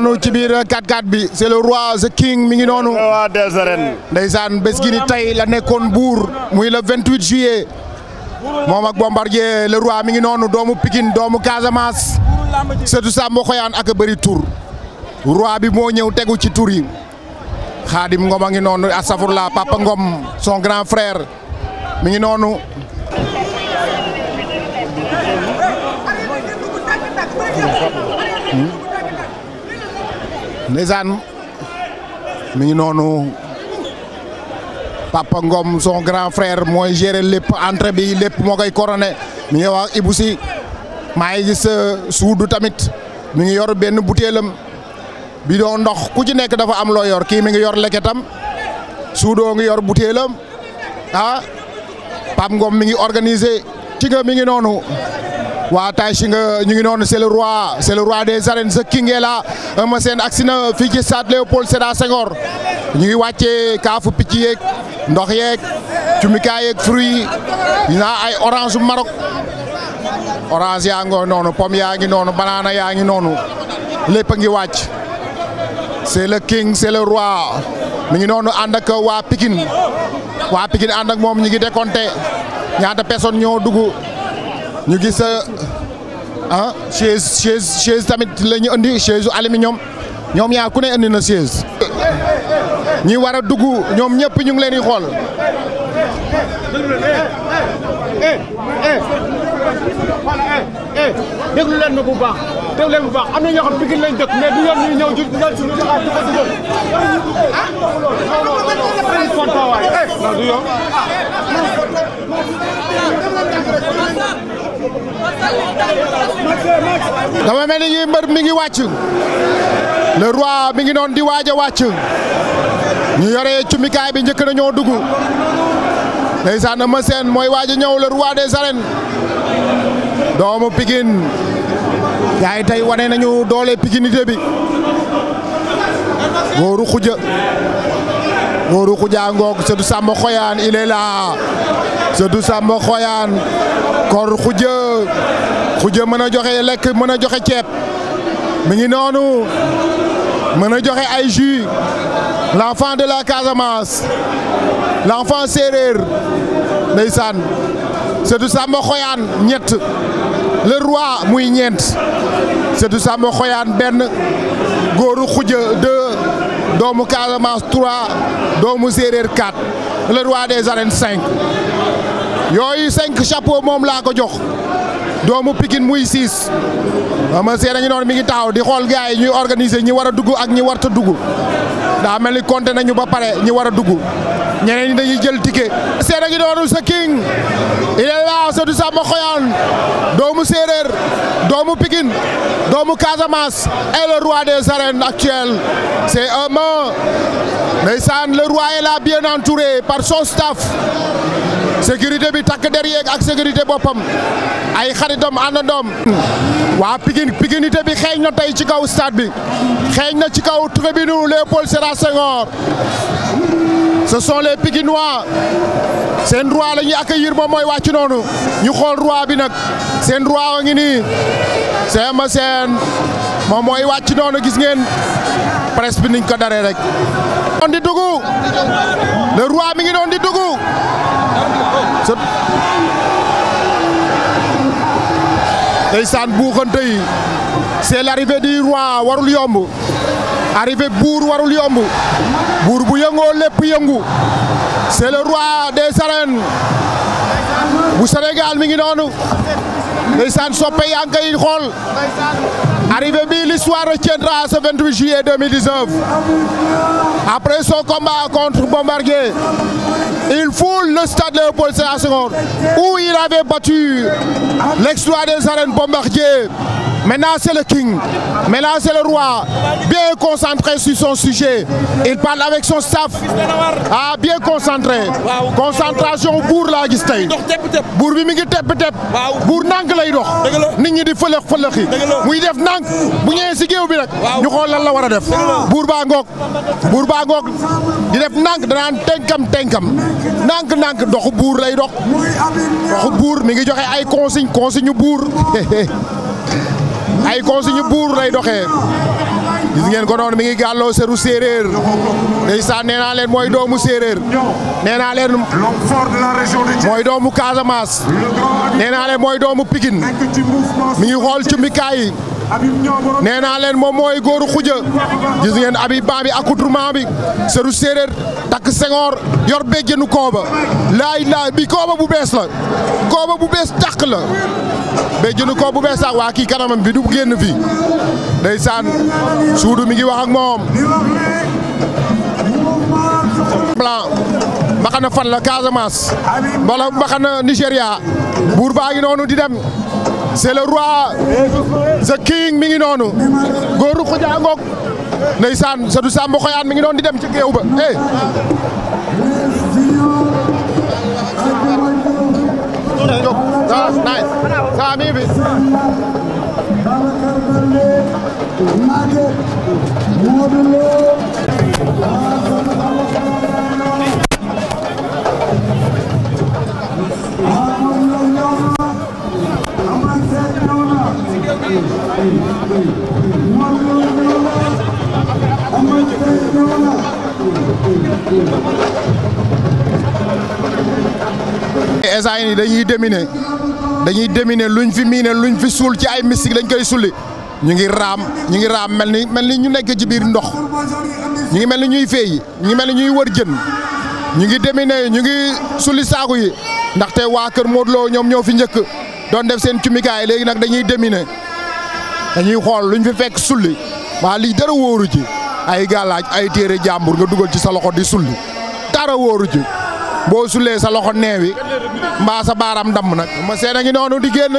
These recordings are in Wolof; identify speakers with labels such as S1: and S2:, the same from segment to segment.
S1: noonu ci biir 4-4 bi c'est mi ngi noonu. roi des arènes. ndeysaan bés gi ni la nekkoon buur muy le 28 juillet moom ak Bombardier le roi mi ngi noonu doomu Pikine doomu Casamance surtout Samba Xoyaan ak a bëri tur roi bi moo ñëw tegu ci tur yi Xaadim Ngom ngi noonu astafurla Papa Ngom son grand frère mi ngi noonu. Hmm? ndeysaan mi ngi noonu Papa Ngom son grand frère mooy gérer lépp entrée bi lépp moo koy coroné mi ngi wax Ibou Sy maa ngi gis euh, suudu tamit mi ngi yor benn butéelam bi doo ndox ku ci nekk dafa am loo yor kii mi ngi yor leketam suudoo ngi yor butéelam ah Pap ngoom mi ngi organiser ci mi ngi noonu waa Taïchi nga ñu ngi noonu c'est le roi c'est roi des arènes the king est là Eumeu Sène agsi na fii ci stade Léopold Sédar Senghor ñu wàccee kaafu picc yeeg ndox yeeg ka yeeg fruit yi naa ay orange Maroc orange yaa ngi noonu pomme yaa ngi noonu banana yaa ngi noonu lépp a ngi wàcc c'est le king c'est le roi mi ngi noonu ànd ak waa Pikine waa Pikine ànd moom ñu ngi décompté ñaata personne ñoo dugg. ñu gis a chaise chaise chaise tamit la ñu indi chaise alimi ñoom yaa ku ne indi chaise. ñi war a dugg ñoom ñëpp ñu ngi leen di xool. déglu dafa mel ni mbër mi ngi wàcc le mi ngi noon di waaj a wàcc ñu yore cumikaay bi njëkk na dugg ndeysaan Eumeu Sène mooy waaj a ñëw le roi des arènes doomu Pikine yaay tey wane nañu doole pikinité bi góoru xuja góoru xuja ngoog Sëtu Samba Xoyaan il est Samba Xoyaan kor xuja xuja mën a joxe lekk mën a joxe ceeb mi ngi noonu mën a joxe ay jus l'enfant de la Casamance l'enfant séeréer ndeysaan Seydou Samba Xoyaan ñett le roi muy ñeent Seydou Samba Xoyaan benn góoru xuja deux doomu Casamance trois doomu séréer quatre le roi des arènes cinq yooyu cinq chapeau moom laa ko jox doomu Pikine muy siis ama seen a ngi noonu mi ngi taxaw di xool gars yi ñuy organiser ñi war a dugg ak ñuy warta dugg daa mel ni compté nañu ba pare ñi war a dugg ñeneen ñi dañuy jël ticket seen a ngi noonu sa king il est sa du sàmba xoyaan doomu séeréer doomu Pikine doomu Casamance et le roi des arènes actuel c'est Eumeu ndeysaan le roi est là bien entouré par son staff sécurité bi takk der yeeg ak sécurité boppam ay xaritam àndandoom waa pikinité bi xeeñ na tey ci kaw stade bi xeeñ na ci kaw tribune Léopold Sédar Senghor ce sont les Pikinois seen roi la ñuy accueillir moom mooy wàcc noonu ñu xool roi bi nag seen roi a ngi nii Eumeu Sène moom mooy wàcc noonu gis ngeen presse bi niñ ko daree rek. on di dugg mi ngi doon di dugg. ndeysaan buuxante yi c'est l'arrivée du roi warul yomb arrivée buur warul yomb buur bu yëngoo lépp yëngu c'est le roi des bu Sénégal mi ngi noonu ndeysaan soppe yaa ngi koy xool Arrivé bi, l'histoire retiendra ce 28 juillet 2019. Après son combat contre Bombardier, il des arènes Bombardier. Maintenant, c'est le king. Maintenant, la le roi. Bien concentré sur son sujet. Il parle avec son staff. Ah, bien concentré. Concentration buur laa gis tey. buur bi mi ngi tepp tepp. buur nànk lay dox. nit ñi di fëlëx fëlëxi. muy def nànk bu ñëwee si géew bi rek. ñu xool lan la war a def. buur baa ngoog. buur baa ngoog di def nànk danaan tenkam tenkam. nànk nànk doxu buur lay dox. doxu buur mi ngi joxe ay consigne consigne buur. ay consigne buur lay doxee gis ngeen ko noonu mi ngi gàlloo seru séeréer ndeysaan nee naa leen mooy doomu séeréer nee naa leen mooy doomu kasamaas nee naa mooy doomu pikin mi ngi xool ci mikaay nee naa leen moom mooy góoru xuja gis ngeen abib bi accoutrement bi seru séeréer takk sengoor yor béjjenu kooba laay laay bi kooba bu bees la kooba bu bees tàq la day jënd ko bu bees sax waa kii kanamam bi du génn fii ndeysaan suudu mi ngi wax ak moom blanc mbaxana fan la Casamance wala mbaxana Nigéria buur baa ngi noonu di dem c'est le roi mi ngi noonu góoru ko jaangoog ndeysaan sa du Samba Xoyaan mi ngi noonu di dem ci géew ba eh. That was nice. Sam Ibis. I'm esa yi dañuy demine dañuy déminer luñ fi miine luñ fi suul ci ay mystique lañ koy sulli ñu ngi raam ñu ngi raam mel ni mel ni ñu nekk ci biir ndox ñu ngi mel ni ñuy feey ñu ngi mel ni ñuy wër jën ñu ngi déminer ñu ngi sulli saaku yi ndaxte waa Kër Modou Lo ñoom fi njëkk doon def seen cumikaay léegi nag dañuy déminer dañuy xool luñ fi fekk sulli waa lii dara wóoru ci ay gàllaaj ay téere jàmbur nga dugal ci sa loxo di sulli dara wóoru ci boo sulee sa loxo neewi mbaa sa baaraam damm nag ma a ngi noonu di génn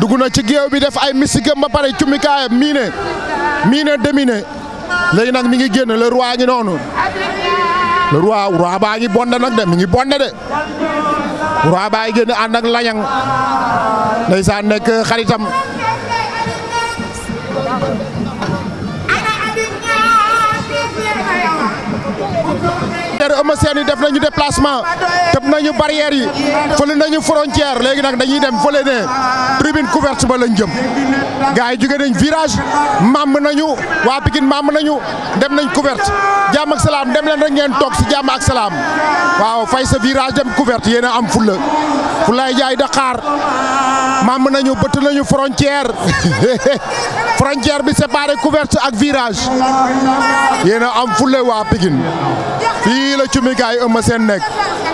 S1: dugg na ci géew bi def ay misigam ba pare cumikaayam miine miine demine léegi nag mi ngi génn le roi ngi noonu le roi roi baa ngi bonde nag de mi ngi bonde de roi baa ngi génn ànd lañang ndeysaan nekk xaritam Eumeu Sène yi def nañu déplacement tëb nañu barrière yi fële nañu frontière léegi nag dañuy dem fële ne tribune couverte ba lañ jëm gars yi jóge nañ virage màmm nañu waa Pikine màmm nañu dem nañ couverte jàmm ak salaam dem leen rek ngeen toog si jàmm ak salaam waaw fay sa virage dem couverte yéen a am fulla fulay jaay Dakar màmm nañu bëtt nañu frontière frontière bi séparé couverte ak virage yéen a am fulla waa Pikine cumikaayu ëmma seen nekk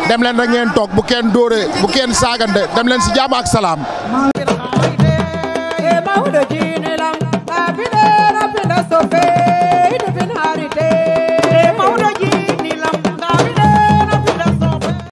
S1: dem leen rek ngeen bu kenn dóore bu kenn saagante dem leen si jàmm ak salaam